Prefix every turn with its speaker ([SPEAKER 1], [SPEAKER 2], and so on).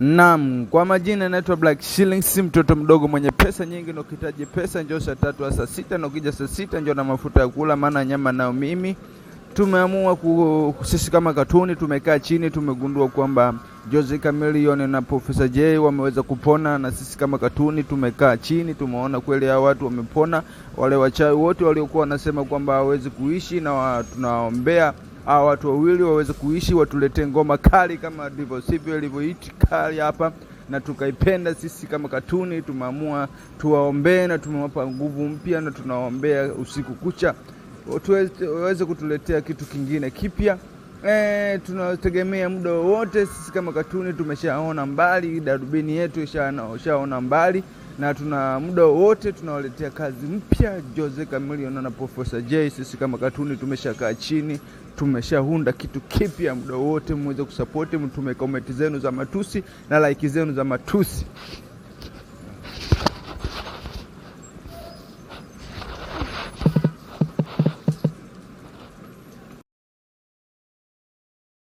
[SPEAKER 1] Naam, kwa majina naitwa Black Shillings, mtoto mdogo mwenye pesa nyingi, na pesa njoo saa tatu saa sita na ukija saa sita njoo na mafuta ya kula, maana nyama nayo mimi. Tumeamua sisi kama katuni tumekaa chini, tumegundua kwamba Jose Chameleone na Profesa j wameweza kupona, na sisi kama katuni tumekaa chini, tumeona kweli hao watu wamepona. Wale wachawi wote waliokuwa wanasema kwamba hawezi kuishi na tunawaombea hawa watu wawili waweze kuishi, watuletee ngoma kali kama ndivyo sivyo ilivyoiti kali hapa na tukaipenda sisi kama katuni. Tumeamua tuwaombee na tumewapa nguvu mpya, na tunawaombea usiku kucha waweze kutuletea kitu kingine kipya eh, tunategemea muda wowote. Sisi kama katuni tumeshaona mbali, darubini yetu ishaona mbali, na tuna muda wowote tunawaletea kazi mpya. Jose kamilion na Profesa j sisi kama katuni tumeshakaa chini tumeshaunda kitu kipya. Muda wowote mweze kusapoti, mtume komenti zenu za matusi na laiki zenu za matusi.